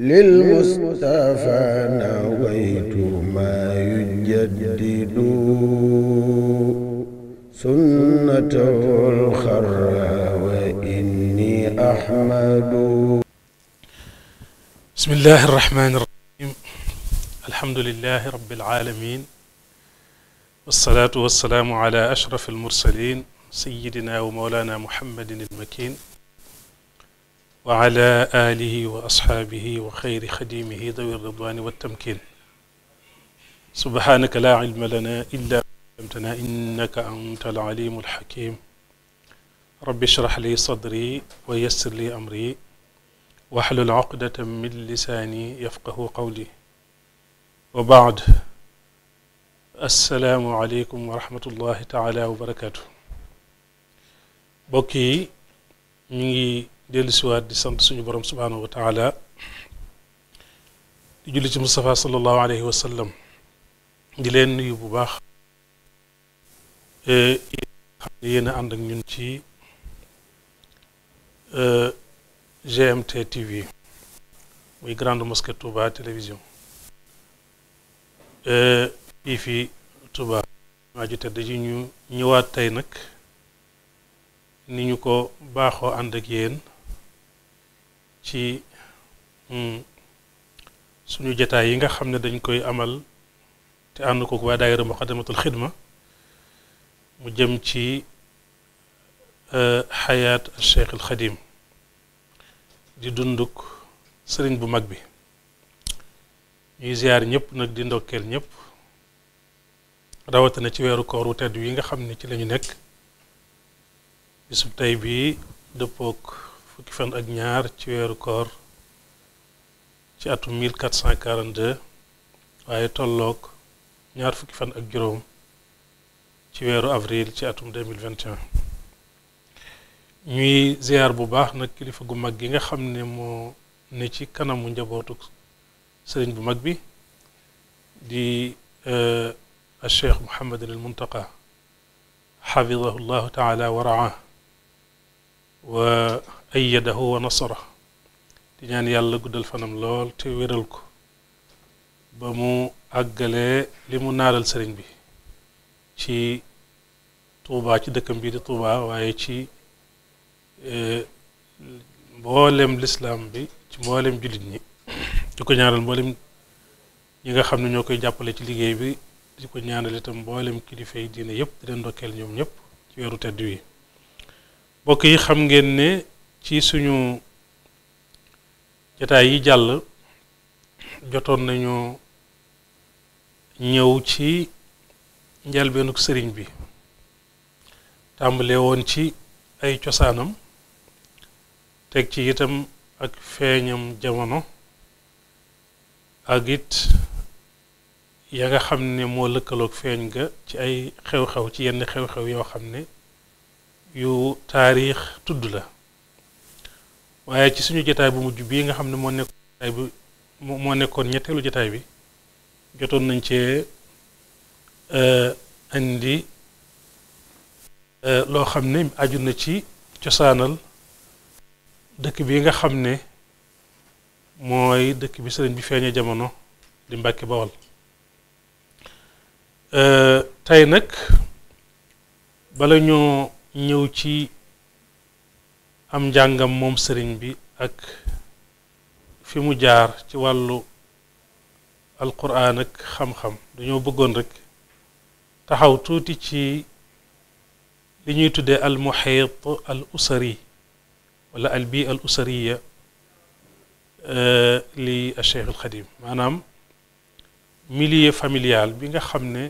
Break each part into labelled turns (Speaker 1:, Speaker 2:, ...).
Speaker 1: للمصطفى نويت ما يجدد سنته الخرى وإني أحمد بسم الله الرحمن الرحيم الحمد لله رب العالمين والصلاة والسلام على أشرف المرسلين سيدنا ومولانا محمد المكين wa ala alihi wa asxaabihi wa xayri xadimihi dawi ridwani wattamkin subhanaka laa ilma lana illa allamtana innaka anta alalimu alxakim rabbi shrah li sadri wa yassir li amri waxlul uqdatan min lisaani yafqahu qawli wa baad assalaamu aleykum wa rahmatullahi taala wa barakaatu mbokk yi ñu ngi dellu siwaat di sant suñu borom subhaanahu wa taala di julli ci Moustapha sallallahu alayhi wa di leen nuyu bu baax xam eh, yéen a ànd ak ñun ci eh, GMT TV muy Grande Mosquée Touba télévision eh, fii fii Touba maa ju tedd ji ñu ñëwaat tey nag ni ñu ko baaxoo ànd ak yéen ci mm, suñu jataay yi nga xam ne dañ koy amal te ànd ko waa daayira muqaddamatul xidma mu jëm ci euh, xayaat Cheikh al Xadim di dunduk sëriñ bu mag bi ñuy ziar ñëpp nag di ndokkeel ñëpp rawatina ci weeru koor wu tedd wi nga xam ne ci lañu nekk bisub tey bii dëppook fukki fan ak ñaar ci weeru koor ci atum 1442 waaye tolloog ñaar fukki fan ak juróom ci weeru avril ci atum 2021 ñuy ziar bu baax nag kilifa gu mag gi nga xam ne moo ne ci kanamu njabootu sëriñ bu mag bi di euh, al cheikh Mouhamadul Muntaqa xafidahu llahu taala wa raah ayyadahu wa nasara soro ñaan yàlla guddal fanam lool te wéral ko ba mu àggalee li mu naaral sëriñ bi ci tuubaa ci dëkkam bii di tuubaa waaye ci e, mboolem lislaam bi ci mboolem jullit ñi di ko ñaanal mboolem ñi nga xam ne ñoo koy jàppale ci liggéey bi di ko ñaanal itam mboolem kilifa yi diine yëpp di ndokkeel ñoom ñëpp ci weeru tedd wi mbokk yi xam ngeen ne ci suñu jataay yi jàll jotoon nañu ñëw ci njëlbeenug sëriñ bi tàmbale woon ci ay cosaanam teg ci itam ak feeñam jamono ak it ya nga xam ne moo lëkkaloog feeñ ga ci ay xew-xew ci yenn xew-xew yoo xam ne yu taarix tudd la waaye ci suñu jataay bu mujj bii nga xam ne moo nekk jotaay moo nekkoon ñetteelu jotaay bi jotoon nañ cee eh, indi eh, loo xam ne aju na ci cosaanal dëkk bi nga xam ne mooy dëkk bi sëriñ bi feeñee jamono di Mbàkke Bawol eh, tey nag bala ñoo ñëw ci am njàngam moom sëriñ bi ak fi mu jaar ci wàllu alquran ak xam-xam dañoo bëggoon rek taxaw tuuti ci li ñuy tuddee al muhit al usari wala al bi al usariya eh, li Cheikh al Xadim maanaam millier familial bi nga xam ne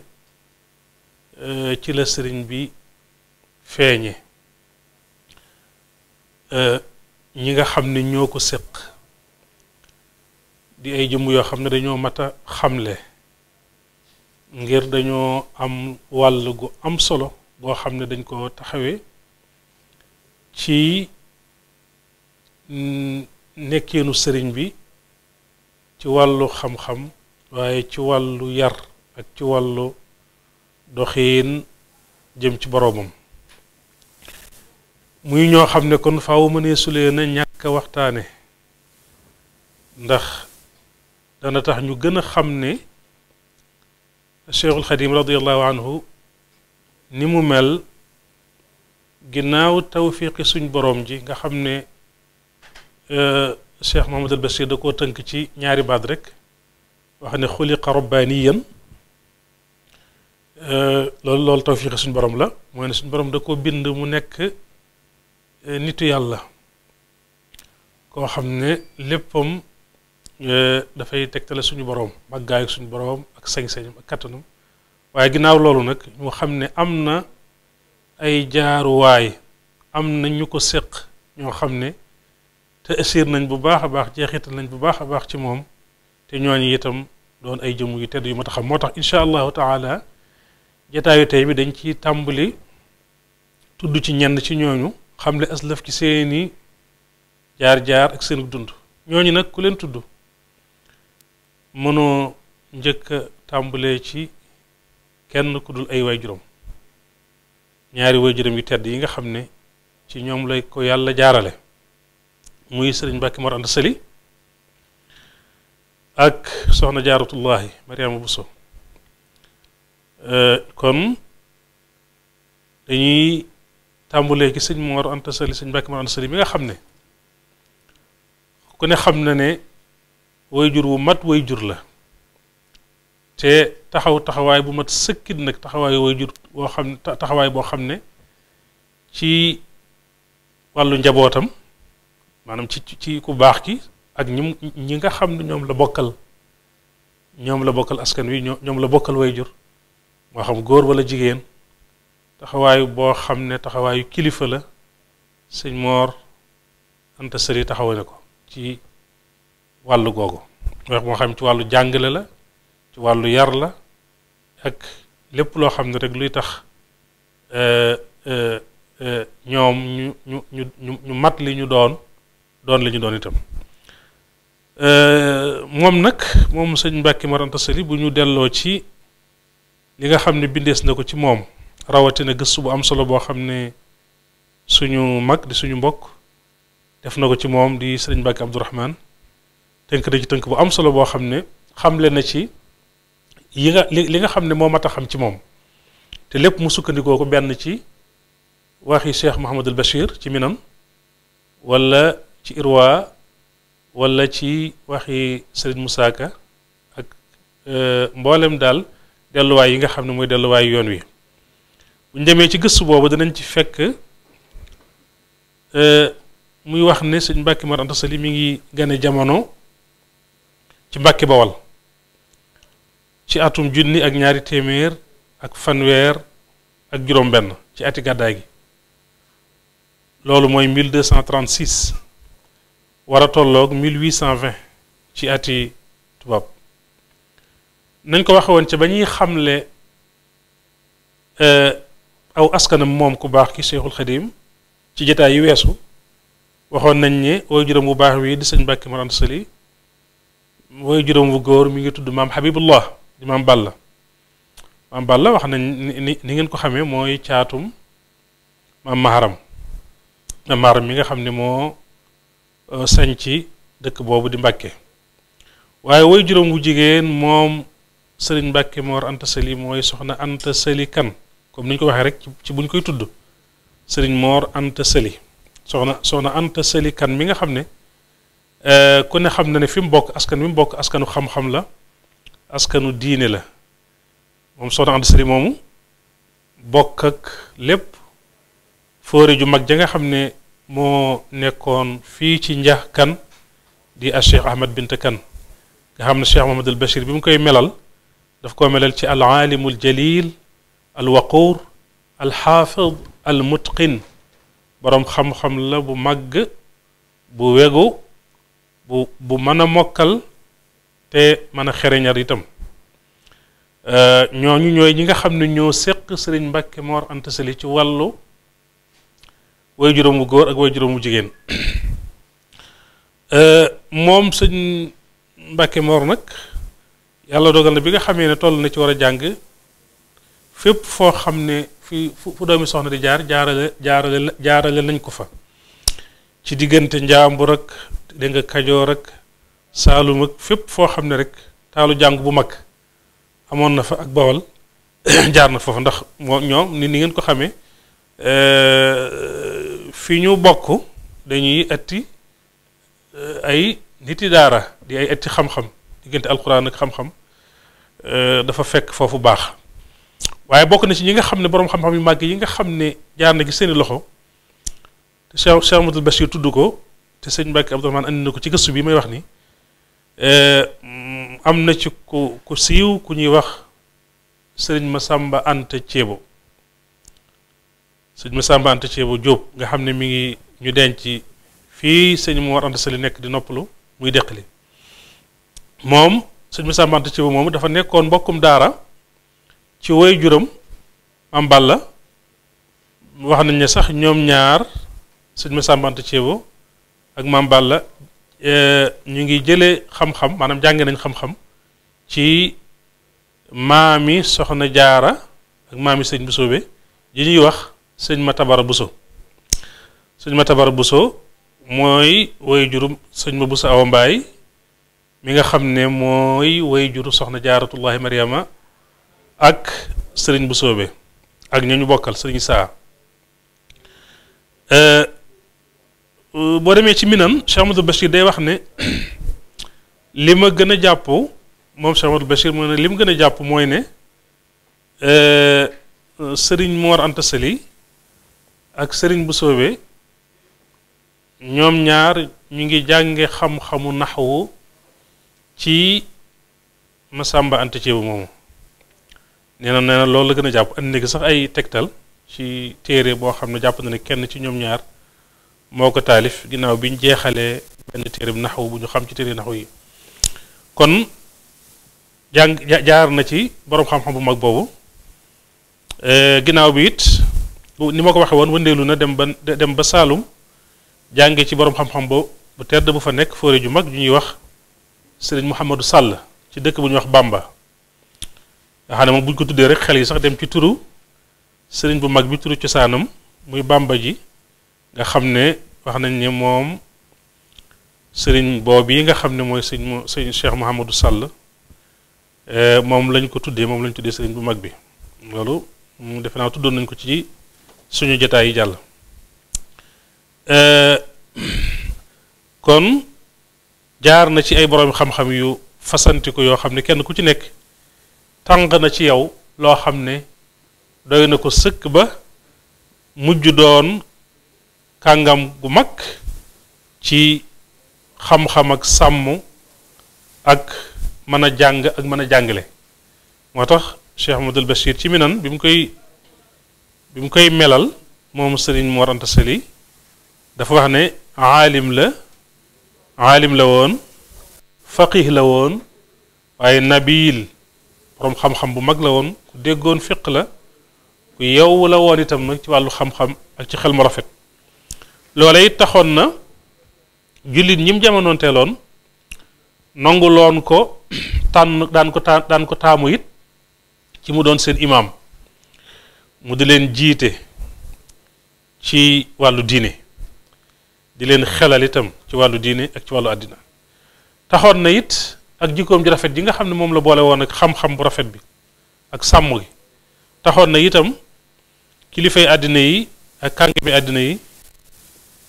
Speaker 1: eh, ci la sëriñ bi feeñe Euh, ñi nga xam ne ñoo ko séq di ay jëmm yoo xam ne dañoo mat a xamle ngir dañoo am wàll gu am solo boo xam ne dañ ko taxawee ci nekkeenu sëriñ bi ci wàllu xam-xam waaye ci wàllu yar ak ci wàllu doxiin jëm ci boroomam muy ñoo xam ne kon faaw mënee sulee na ñàkk waxtaane ndax dana tax ñu gën a xam ne Cheikhul Xadim radiallahu anhu ni mu mel ginnaaw tawfiqi suñ borom ji nga xam ne euh, Cheikh Mohamad al Basir da koo tënk ci ñaari baat rek wax ne xuliqa rabbaniyan euh, loolu loolu tawfiqi suñ borom la mooy ne suñ borom da ko bind mu nekk Eh, nitu yàlla koo xam ne léppam eh, dafay tegtale suñu boroom màggaayu suñu boroom ak sañ-sañam ak kattanam waaye ginnaaw loolu nag ñu xam ne am na ay jaaruwaay am na ñu ko séq ñoo xam ne te asiir nañ bu baax a baax jeexital nañ bu baax a baax ci moom te ñooñu itam doon ay jëmm yu tedd yu ma taxam moo tax incha allahu taala jataayu tey bi dañ ci tàmbali tudd ci ñenn ci ñooñu xam xamle aslaf ci seeni jaar-jaar ak seen dund ñooñu nag ku leen tudd mënoo njëkk a ci kenn ku dul ay juróom ñaari waajuram yu tedd yi nga xam ne ci ñoom lay ko yàlla jaarale muy sëriñ Mbàkke Mor Anta ak soxna jaaratullahi Mariama buso kon dañuy tàmbulee ci sëñ Mor Anta Sali suñ Mbàkke Mor Anta Sali mi nga xam ne ku ne xam na ne jur wu mat jur la te taxaw taxawaay bu mat sëkkit nag taxawaayu wayjur boo xam ne taxawaay boo xam ne ci wàllu njabootam maanaam ci ci ku baax ki ak ñi ñi nga xam ne ñoom la bokkal ñoom la bokkal askan wi ñoom la bokkal wayjur moo xam góor walla jigéen taxawaayu boo xam ne taxawaayu kilifa la sëñ Moor Anta Sali taxawa ne ko ci wàllu googu wax moo xam ci wàllu jàngale la ci wàllu yar la ak lépp loo xam ne rek luy tax euh, euh, euh, ñoom ñu ñu ñu ñu mat li ñu doon doon li ñu doon itam moom nag moom sëñ Mbàkke Mor Anta bu ñu delloo ci li nga xam ne bindees na ko ci moom rawatina gëstu bu am solo boo xam ne suñu mag di suñu mbokk def na ko ci moom di sëriñ Mbàkke Abdourahman tënk na ci tënk bu am solo boo xam ne xamle na ci yi nga li nga xam ne moo mat xam ci moom te lépp mu sukkandikoo ko benn ci waxi Cheikh Mouhamadul Bachir ci Minam wala ci Irwa wala ci waxi Serigne Moussa Ka ak euh, mboolem daal delluwaay yi nga xam ne mooy delluwaay yoon wi bu ci gëstu boobu danañ ci fekk euh, muy wax ni sëñ Mbàkke Mor Anta Sali mi ngi gane jamono ci Mbàkke Bawal ci atum junni ak ñaari téeméer ak fanweer ak juróom-benn ci ati gàddaay gi loolu mooy 1236 war a tolloog 1820 ci ati tubaab nañ ko waxe woon ba ñuy xamle. Euh, aw askanam moom ku baax ki Seexul Xadiim ci jataay yi weesu waxoon nañ ni wooy juróom bu baax wi di sëñ Mbàkke Mor Anta Sali wooy góor mi ngi tudd maam Habibullah di maam Balla maam Balla wax nañ ni ko xamee mooy caatum maam Maharam mi nga xam ne moo euh, sañ dëkk boobu di Mbàkke waaye wooy juróom bu jigéen moom sëriñ Mbàkke Mor Anta Sali mooy soxna Anta Sali kan comme ni ñu ko waxee rek ci buñ koy tudd sëriñ Moor Anta Sëli soxna soxna Anta Sëli kan mi nga xam ne euh, ku ne xam na ne fi mu bokk askan wi bokk askanu xam la askanu diine la moom soxna Anta Sëli bokk ak lépp fóore ju mag ja nga xam ne moo nekkoon fii ci njax kan di a Cheikh Ahmad Bint Kan nga xam ne Cheikh Mahamadul Bachir bi mu koy melal daf koo melal ci al aalimul jalil alwaquur alxaafid almutqin boroom xam-xam la bu màgg bu wegu bu bu mën a mokkal te mën a xereñar ñoo euh, ñooñu ñooy ñi nga xam ne ñoo séq sëriñ Mbàkke Moor Anta Sali ci wàllu way juróom wu góor ak way juróom wu jigéen euh, moom sëñ Mbàkke Moor nag yàlla dogal na bi nga xamee ne toll na ci war a jàng fépp foo xam ne fi fu doomi soxna di jaar jaarale jaarale jaarale nañ ko fa ci diggante njaambur ak dégg nga kajoor ak saalum ak fépp foo xam ne rek taalu jàng bu mag amoon na fa ak bawal jaar na foofu ndax moo ñoom ni ni ngeen ko xamee euh, fi ñu bokk dañuy atti euh, ay niti daara di ay atti xam-xam diggante alquran ak xam-xam euh, dafa fekk foofu baax waaye bokk na ci ñi nga xam ne borom xam-xam yu màgg yi nga xam ne jaar na ci seeni loxo te Cheikh Cheikh Amadou Bachir tudd ko te sëñ Mbacke Abdourahmane andi na ko ci gëstu bi may wax ni eh, am na ci ku ku siiw ku ñuy wax sëriñ Masamba Anta Ceebo sëriñ Masamba Anta Ceebo Diop nga xam ne mi ngi ñu denc fii sëñ Mor Anta Sali nekk di noppalu muy deqali moom sëñ Masamba Anta Ceebo moom dafa nekkoon mbokkum daara. ci woy juróom am balla wax nañ ne sax ñoom ñaar sëñ ma sàmbante ceebo ak maam Balla e, ñu ngi jële xam-xam maanaam jànge nañ xam-xam ci maami soxna jaara ak maami sëñ Bousso bi yi ñuy wax sëñ ma tabara Bousso sëñ ma tabara Bousso mooy woy juru sëñ ma Bousso Awa Mbaay mi nga xam ne mooy woy juru soxna jaaratullahi Mariama ak sëriñ bu soobee ak ñooñu bokkal sëriñ saa euh, euh, boo demee ci minan Cheikh Amadou Bachir day wax ne li ma gën a jàpp moom Cheikh Amadou Bachir mu ne li ma gën a jàpp mooy ne euh, sëriñ moor Anta Sali ak sëriñ bu soobee ñoom ñaar ñu ngi jànge xam-xamu naxwu ci Masamba Anta Ceebu moomu nee na nee na loolu la gën a jàpp andi sax ay tegtal ci téere boo xam ne jàpp na kenn ci ñoom ñaar moo ko taalif ginnaaw bi ñu jeexale benn téere bi naxaw bu ñu xam ci téere naxaw yi kon jàng jaar na ci boroom xam-xam bu mag boobu eh, ginnaaw bi it ni ma ko waxee woon wëndeelu na dem ba dem ba Saalum jàngee ci boroom xam-xam bu bu tedd bu fa nekk fóore ju mag ju ñuy wax sëriñ Mouhamadou sàll ci dëkk bu ñuy wax bàmba nga xam moom buñ ko tuddee rek xel yi sax dem ci turu sëriñ bu mag bi turu cosaanam muy bàmba ji nga xam ne wax nañ ne moom sëriñ boobu yi nga xam ne mooy sëñ mu sëñ Cheikh Mouhamadou Sall eh, moom lañ ko tuddee moom lañ tuddee sëriñ bu mag bi loolu defe naa tuddoon nañ ko ci suñu jotaay yi jàll eh, kon jaar na ci ay borom xam-xam yu fasanti ko yoo xam ne kenn ku ci nekk tàng na ci yow loo xam ne doy na ko sëkk ba mujj doon kàngam gu mag ci xam-xam ak sàmm ak mën a jàng ak mën a jàngale moo tax Cheikh Ahmadul Bachir ci minan bi mu koy bi mu koy melal moom sëriñ Mor Anta Sali dafa wax ne aalim la aalim la woon faqih la woon waaye nabil borom xam-xam bu mag la woon ku déggoon fiq la ku yow la woon itam nag ci wàllu xam-xam ak ci xel mu rafet loole it taxoon na jullit ñim jamonoonteeloon nanguloon ko tànn daan ko taa daan ko taamu it ci mu doon seen imaam mu di leen jiite ci wàllu diine di leen xelal itam ci wàllu diine ak ci wàllu àddina taxoon na it ak jikkoom ji rafet ji nga xam ne moom la boole woon ak xam-xam bu rafet bi ak sàmm gi taxoon na itam kilifay àddina yi ak kàngami àddina yi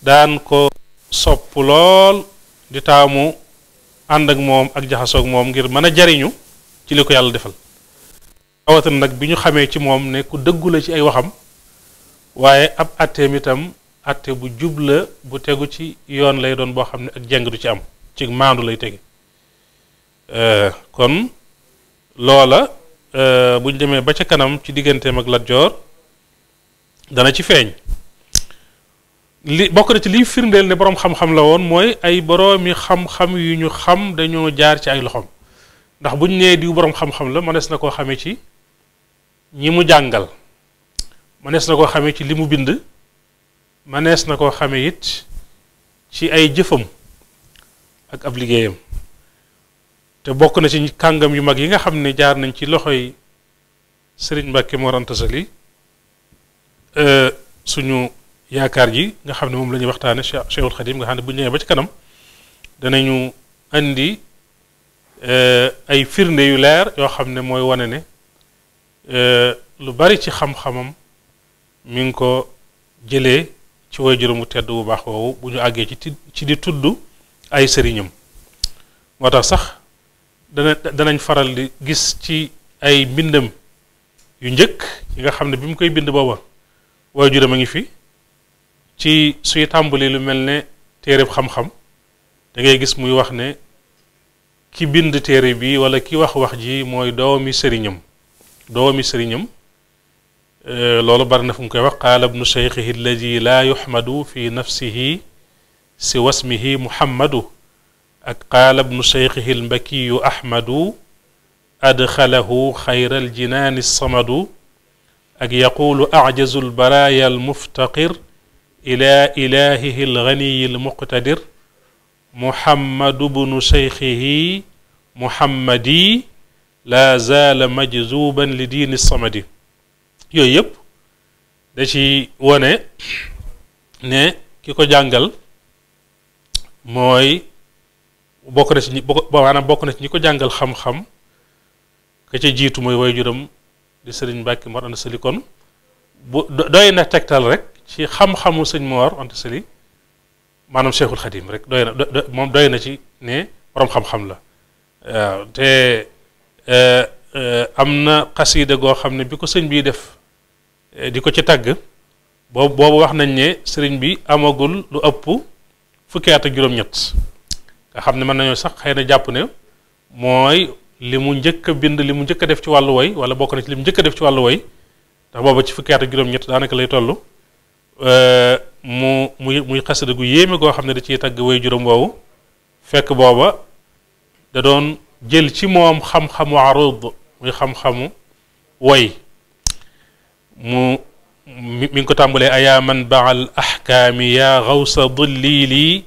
Speaker 1: daan ko sopp lool di taamu ànd ak moom ak jaxasoog moom ngir mën a jariñu ci li ko yàlla defal awatan nag bi ñu xamee ci moom ne ku dëggu la ci ay waxam waaye ab atteem itam atte bu jub la bu tegu ci yoon lay doon boo xam ne ak jeng du ci am ci maandu lay tege Euh, kon loola euh, bu ñu demee ba ca kanam ci digganteem ak Lat dana ci feeñ li bokk na ci liy firndeel ne boroom xam-xam la woon mooy ay boroomi xam-xam yu ñu xam dañoo jaar ci ay loxoom ndax buñ nee diw boroom xam-xam la mënees na koo xamee ci ñi mu jàngal mënees na koo xamee ci li mu bind mënees na koo xamee it ci ay jëfam ak ab liggéeyam te bokk na ci kàngam yu mag yi nga xam ne jaar nañ ci loxoy sëriñ Mbàkke Mor Anta Sali euh, suñu yaakaar ji nga xam ne moom lañuy la ñuy waxtaane Cheikhul Khadim nga xam ne bu ñu ba ci kanam danañu andi euh, ay firnde yu leer yoo xam ne mooy wane ne euh, lu bari ci xam-xamam ngi ko jëlee ci way juróomu tedd bu baax woowu bu ñu àggee ci ci di tudd ay sëriñam moo tax sax dana danañ faral di gis ci ay mbindam yu njëkk yi nga xam ne bi mu koy bind booba waajuram a ngi fi ci suy tàmbali lu mel ne téereb xam-xam dangay gis muy wax ne ki bind téere bi wala ki wax wax ji mooy doomi sëriñam doomi sëriñam euh, loolu bari na fu mu koy wax qaala bnu cheikhihi alladi laa yuxmadu fi nafsihi si wasmihi muhammadu ak qaala bnu cheikhihi lmbakiyu ahmadu adxalahu xayra aljinaani samadu ak yaquulu ajazu albaraaya almuftaqir ila ilahihi alganiyi almuqtadir muhammadu bnu cheikhihi muhammadi laa zaala majzuban li diini samadi yooyu yëpp da ci wone ne ki ko jàngal mooy bokk na ci ñi maanaam bokk na ci ñi ko jàngal xam-xam ka ca jiitu mooy juróom di sëriñ Mbàkke Mor Anta Sali kon bu doy na tegtal rek ci xam-xamu sëñ Mor Anta Sali maanaam Cheikhul Khadim rek doy na moom doy na ci ne borom xam-xam la waaw te eh, eh, am na xasiida goo xam ne bi ko sëñ bii def eh, di ko ci tàgg boobu wax nañ ne sëriñ bi amagul lu ëpp fukki at juróom-ñett nga xam ne mën nañoo sax xëy na jàpp ne mooy li mu njëkk bind li mu njëkk a def ci wàllu woy wala bokk na ci li mu njëkk a def ci wàllu woy ndax booba ci fukki at ak juróom-ñett daanaka lay toll euh, mu muy muy xasida gu yéeme goo xam ne da ciy tagg woy juróom woowu fekk booba da doon jël ci moom xam-xamu arud muy xam-xamu woy mu mi ngi ko tàmbalee ayaa man baal ahkaami yaa xawsa dillii lii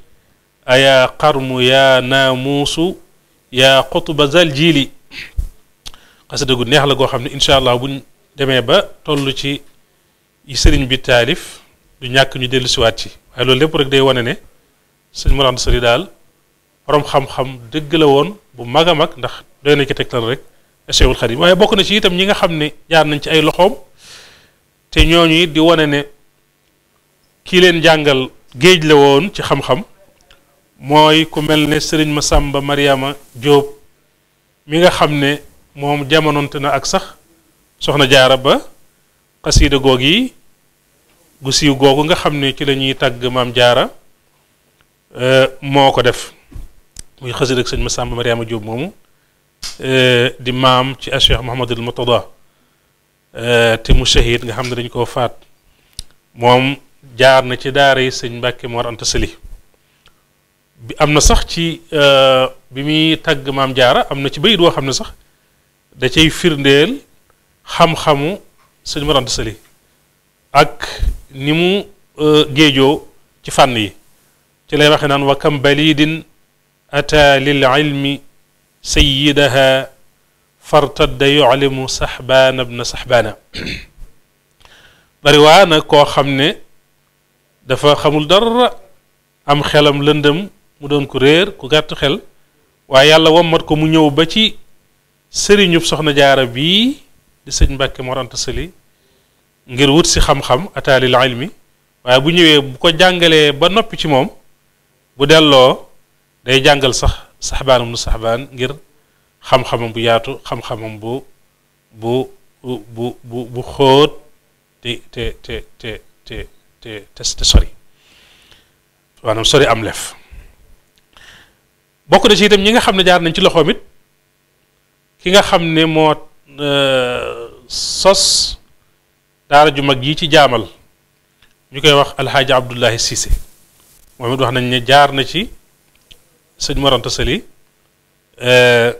Speaker 1: ayaa qarmu yaa naamuusu yaa xutuba zal jiili xasida gu neex la goo xam ne incha allah buñ demee ba toll ci sëriñ bi taalif du ñàkk ñu dellu siwaat ci waaye loolu lépp rek day wane ne sëñ Mor Anta Sali daal borom xam dëgg la woon bu mag a mag ndax doy na ci tegtal rek Cheikhul Khadim waaye bokk na ci itam ñi nga xam ne jaar nañ ci ay loxoom te ñooñu it di wane ne kii leen jàngal géej la woon ci xam-xam mooy ku mel ne sëriñ Masamba Mariama Jóob mi nga xam ne moom jamononte na ak sax soxna jaara ba xasiida goog yi gu siiw googu nga xam ne ci la ñuy tàgg maam jaara e, moo ko def muy xasiida ak sëñ Masamba Mariama Jóob moomu e, di maam ci Cheikh Mouhamadul Murtada e, te mu shahid nga xam ne dañ koo faat moom jaar na ci daara yi sëñ Mbàkke Mor Anta Sali bi am na sax ci euh, bi muy tagg maam jaara am na ci bayit woo xam ne sax da cay firndeel xam-xamu sëñ Mor Anta ak nimu mu euh, géejoo ci fànn yi ci lay waxe naan wa kam balidin ata lil ilmi sayidaha fartadda yulimu saxbaana bna saxbaana bari waa na koo xam ne dafa xamul dara am xelam lëndëm mu doon ko réer ku gàtt xel waaye yàlla wommat ko mu ñëw ba ci sëriñub soxna jaara bii di sëñ Mbàkke Mor ngir wut si xam-xam ataalil ilmi waaye bu ñëwee bu ko jàngalee ba noppi ci moom bu delloo day jàngal sax saxbaanam nu saxbaan ngir xam-xamam bu yaatu xam bu bu bu bu bu xóot te te te te te te te sori sori am lef bokk na ci itam ñi nga xam ne jaar nañ ci loxoom it ki nga xam ne moo euh, sos daara ju mag yi ci jaamal ñu koy wax alxaaji abdullahi siise moom it wax nañ ne jaar na ci sëñ moranta sali euh,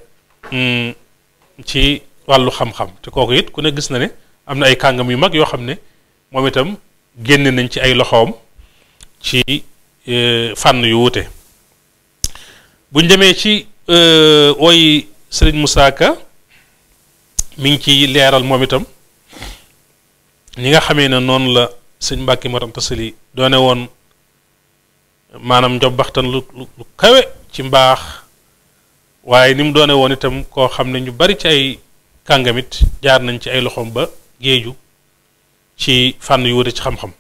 Speaker 1: mm, ci wàllu xam-xam te kooku it ku ne gis na ne am na ay kàngam yu mag yoo xam ne moom itam génne nañ ci ay loxoom ci euh, fànn yu wuute bu ñu demee ci euh, ooy Serigne Moussa Ka mi ngi ciy leeral moom itam ñi nga xamee ne noonu la sëñ Mbàkke Mor Anta Sali doone woon maanaam njobbaxtan lu lu kawe ci mbaax waaye ni mu doone woon itam koo xam ne ñu bari ci ay kàngamit jaar nañ ci ay loxoom ba géeju ci fànn yu wute ci xam-xam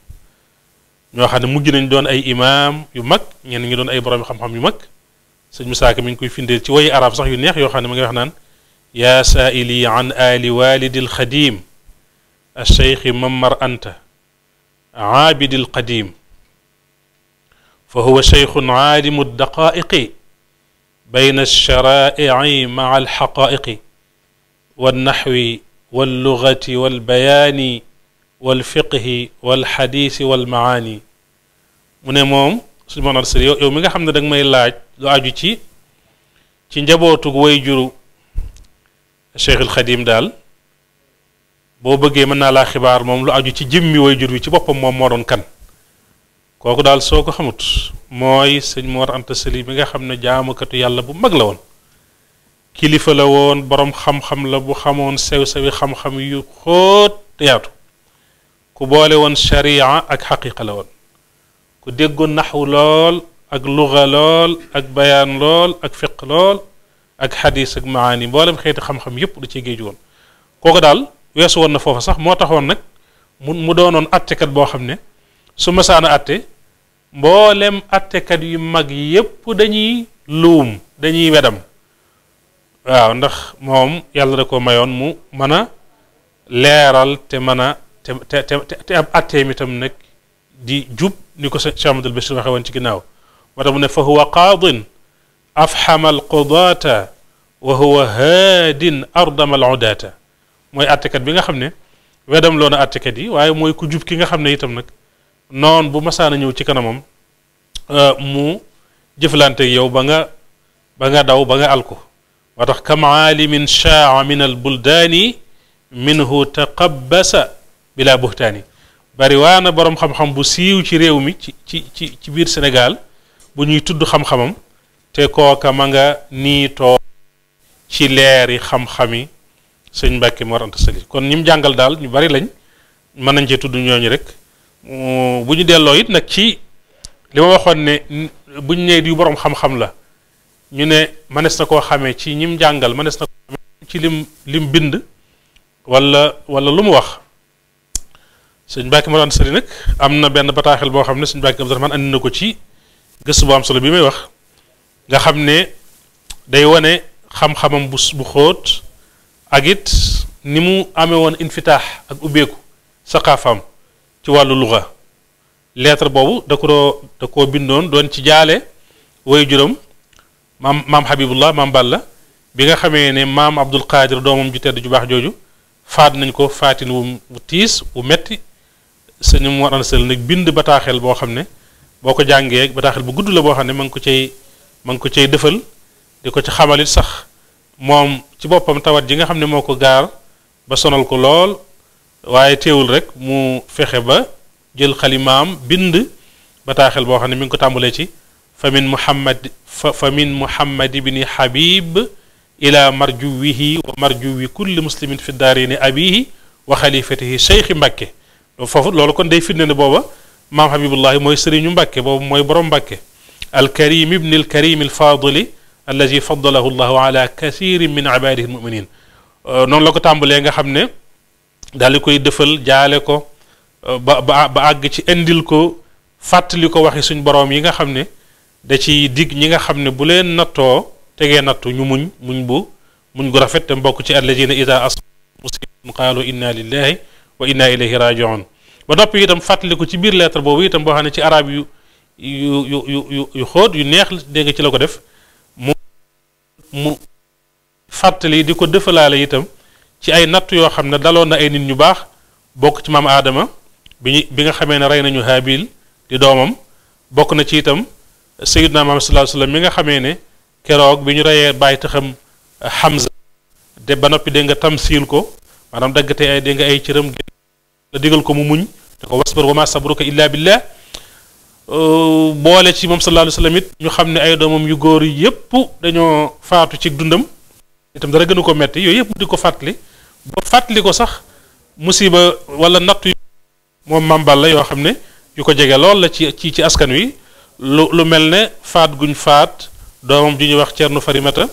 Speaker 1: ñoo xam ne mujj nañ doon ay imaam yu mag ñenn ñi doon ay borom xam-xam yu mag sëñ Musaa Ka mi ngi koy findeel ci woyi arab sax yu neex yoo xam ne ma ngi wax naan yaa saaili an ali walidi alxadim alcheikhi mamar anta aabidi alqadim fa huwa cheikhun aalimu aldaqaiqi bayna alcharaici maa alxaqaiqi walnaxwi wallugati walbayaani walfiqhi walxadisi walmaani mu ne moom suñu moon yow mi nga xam ne danga may laaj lu aju ci ci njabootug way juru Cheikhul Xadim daal boo bëggee mën naa laa xibaar moom lu aju ci jëmmi way jur wi ci boppam moom moo doon kan kooku daal soo ko xamut mooy sëñ Mor Anta Sali bi nga xam ne jaamukatu yàlla bu mag la woon kilifa la woon boroom xam-xam la bu xamoon sew-sewi xam-xam yu xoot te yaatu ku boole woon sharia ak xaqiqa la woon ku déggoon naxwu lool ak luga lool ak bayaan lool ak fiq lool ak xadis ak maani mboolem xeeti xam-xam yëpp da cee géej woon kooku daal weesu woon na foofa sax moo taxoon nag mu mu doonoon attekat boo xam ne su masaana atte mboolem attekat yu mag yëpp dañuy luum dañuy wedam waaw ndax moom yàlla da ko mayoon mu mën a leeral te mën a te te te ab attee mi tam nag di jub ni ko Cheikh Amadou Bachir waxe woon ci ginnaaw moo tax ne fa huwa qaadin afxama alqudaata wa huwa haadin ardama aludaata mooy attekat bi nga xam ne wedam loona attekat yi waaye mooy ku jub ki nga xam ne itam nag noon bu masaana ñëw ci kanamam euh, mu jëflante yow ba nga ba nga daw ba nga alko moo kam aalimin shaa min albuldaani minhu taqabbasa bila buhtaani bari waa na boroom xam-xam bu siiw ci réew mi ci ci ci ci biir Sénégal bu ñuy tudd xam-xamam te kooka ma nga nii too ci leeri xam-xami sëñ Mbàkke Mor Anta Sali kon ñi mu jàngal daal ñu bari lañ mën nañ cee tudd ñooñu rek bu ñu delloo it nag ci li ma waxoon ne bu ñu nee di borom xam-xam la ñu ne mënees na koo xamee ci ñim jàngal mënees na koo xamee ci lim lim bind walla wala lu mu wax sëñ Mbàkke Mor Anta Sali nag am na benn bataaxel boo xam ne sëñ Mbàkke Abdurahmaan andi na ko ci gëstu bu am solo bi may wax nga xam ne day wane xam-xamam bu xóot ak it ni mu amee woon infitaax ak ubbeeku saqaafam ci wàllu luxa lettre boobu da ko doo da koo bindoon doon ci jaale woy juróom maam maam Habibullah maam Balla bi nga xamee ne maam Abdul Qadir doomam ju tedd ju baax jooju faat nañ ko faatin wu tiis wu metti sëñ mu war nag bind bataaxel boo xam ne boo ko jàngee bataaxal bu gudd la boo xam ne ma ko cay ma ko cay dëfal di ko ci xamalit sax moom ci boppam tawat ji nga xam ne moo ko gaar ba sonal ko lool waaye teewul rek mu fexe ba jël xali maam bind bataaxel boo xam ne mi ngi ko tàmbalee ci fa min muhammad fa min muhammad ibni habib ila marjuwihi wa marjuwi kulli muslimin fi daarini abihi wa xalifatihi cheikhi mbakke foofu loolu kon day firnde ne booba maam Habibullahi mooy sëriñu Mbàkke boobu mooy borom Mbàkke alkarim ibni alkarim alfaadili alladi faddalahu llahu ala kasirin min ibadihi almuminin euh, noonu la ko tàmbalee nga xam ne daal di koy dëfal jaale ko euh, ba ba ba ci indil ko fàttali ko waxi suñ boroom yi nga xam ne da ci dig ñi nga xam ne bu leen nattoo tegee nattu ñu muñ muñ bu muñ gu rafet te mbokk ci alladina ida asaabathum musibatun qaalu inna lillahi wa inna ilayhi rajiun ba noppi itam fàttaliku ci biir lettre boobu itam boo xam ne ci arab yu yu yu yu xóot yu neex dégg nga ci la ko def mu mu fàttali di ko dëfalaale itam ci ay natt yoo xam ne daloon na ay nit ñu baax bokk ci maam aadama bi bi nga xamee ne rey nañu haabil di doomam bokk na ci itam sayyidna Muhammad sallallahu alayhi wasallam mi nga xamee ne keroog bi ñu reyee bàyyi taxam Hamza de ba noppi dégg nga tamsiil ko maanaam daggatee ay dégg nga ay cëram la digal ko mu muñ te ko wasbir wa ma sabruka illa billah euh, boole ci moom sallallahu alayhi it ñu xam ne ay doomam yu góor yëpp dañoo faatu ci dundam itam dara gënu ko metti yooyu yëpp mu di ko fàttali ba fàttali ko sax musiba wala nattu moom Mame Balla yoo xam ne yu ko jege lool la ci ci ci askan wi lu lu mel ne faat guñ faat doomam ju ñu wax Ceerno Farimata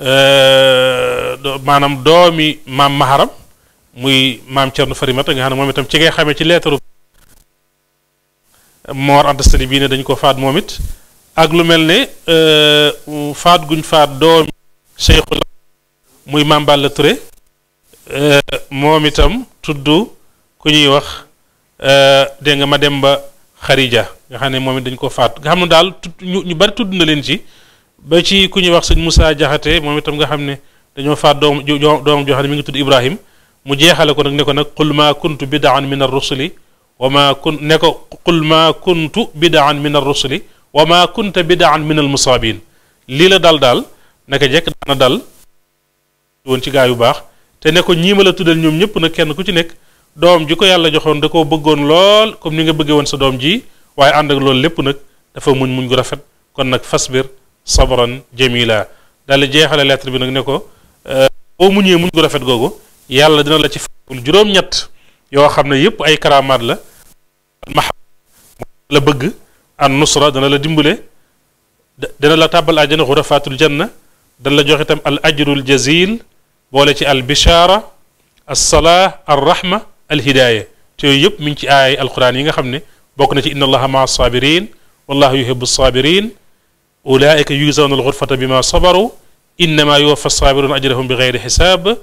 Speaker 1: euh, maanaam doomi maam maharam muy maam Thierno Farimata nga xam ne moom itam ci ngay xamee ci leetaru Mor bii ne dañu ko faat moom ak lu mel ne euh, faat guñ faat doomi Cheikhul muy maam Balla Touré euh, moom itam tudd ku ñuy wax euh, dégg nga ma dem ba Xarija nga xam ne moom it dañ ko faat nga xam ne daal ñu ñu bari tudd na leen ci ba ci ku ñuy wax sëñ Moussa Jaxate moom itam nga xam ne dañoo faat doom doom joo xam ne mi ngi tudd Ibrahim mu jeexale ko nag ne ko nag qul maa kuntu bidaan min ar-rusuli wa maa kun ne ko qul maa kuntu bidaan min ar-rusuli wa maa kunta bidaan min al-musaabin lii la dal daal naka jekk daana dal woon ci gaa yu baax te ne ko ñii ma la tuddal ñoom ñëpp nag kenn ku ci nekk doom ji ko yàlla joxoon da koo bëggoon lool comme ni nga bëggee woon sa doom ji waaye ànd ak loolu lépp nag dafa muñ muñ gu rafet kon nag fasbir sabran jamila daal di jeexale lettre bi nag ne ko boo muñee muñ gu rafet googu yàlla dina la ci fàggul juróom-ñett yoo xam ne yëpp ay karamaat la bëgg an nusra dana la dimbale dana la tàbbal àjjana xurafaatul janna dana la jox itam al ajrul jazil boole ci al bishaara alsalaa al rahma al hidaaya te yooyu yëpp mi ngi ci aayay alquran yi nga xam ne bokk na ci inna allaha maa sabirin wallahu yuhibu sabirin ulaika yujzawna al xurfata bima sabaru innama yuwaffa sabirun ajrahum bi gayri xisaab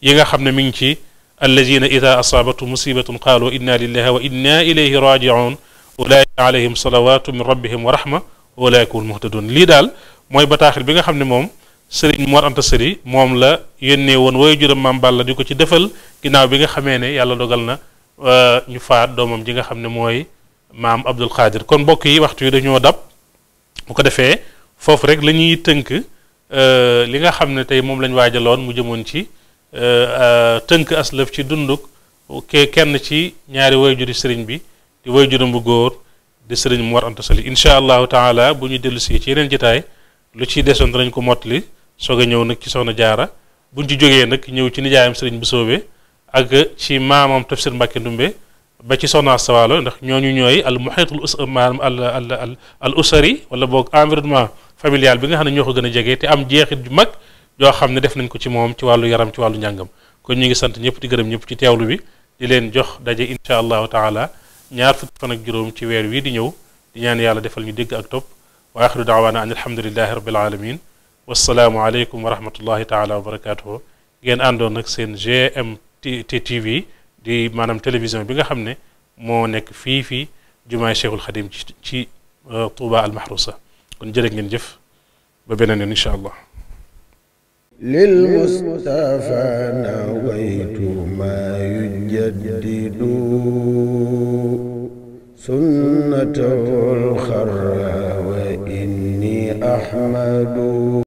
Speaker 1: yi nga xam ne mi ngi ci allazina ida asaabatu musibatun qaalu inna lillahi wa inna ilayhi rajiun ulaika alayhim salawatu min rabbihim wa rahma ulaika hum muhtadun lii daal mooy bataaxil bi nga xam ne moom sëriñ Mor Anta Sali moom la yónnee woon way juram maam Balla di ko ci defal ginnaaw bi nga xamee ne yàlla dogal na uh, ñu faat doomam ji nga xam ne mooy maam Abdul Xaadir kon mbokk yi waxtu yi dañoo dab bu ko defee foofu rek la ñuy tënk uh, li nga xam ne tey moom lañ waajaloon mu jëmoon ci Euh, euh, tënk aslëf ci dunduk kenn ci ñaari wayjuri sëriñ bi di wayjuram bu góor di sëriñ Mor Anta Sali incha allahu taala bu ñu dellu si ci yeneen jotaay lu ci desoon danañ ko mottali soog a ñëw nag ci soxna jaara buñ ci jógee nag ñëw ci nijaayam sëriñ bu soobee ak ci maamam tafsir Mbàkke Ndumbe ba ci soxna Astawaalo ndax ñooñu ñooy al muhitul us al al al al usari wala boog environnement familial bi nga xam ne ñoo ko gën a jege te am jeexit mag yoo xam ne def nañ ko ci moom ci wàllu yaram ci wàllu njàngam kon ñu ngi sant ñëpp di gërëm ñëpp ci teewlu bi di leen jox daje incha allahu taala ñaar fukki fan ak juróom ci weer wii di ñëw di ñaan yàlla defal ñu dégg ak topp wa axiru am an alhamdulilahi rabbil alamin wasalaamu aleykum wa rahmatullahi taala wa barakatuhu ngeen àndoon nag seen GMT TV di maanaam télévision bi nga xam ne moo nekk fii fii jumaay cheikhul xadim ci ci euh, Touba al kon jërë ngeen jëf ba beneen yoon incha allah للمصطفى نويت ما يجدد سنته الخرى وإني أحمد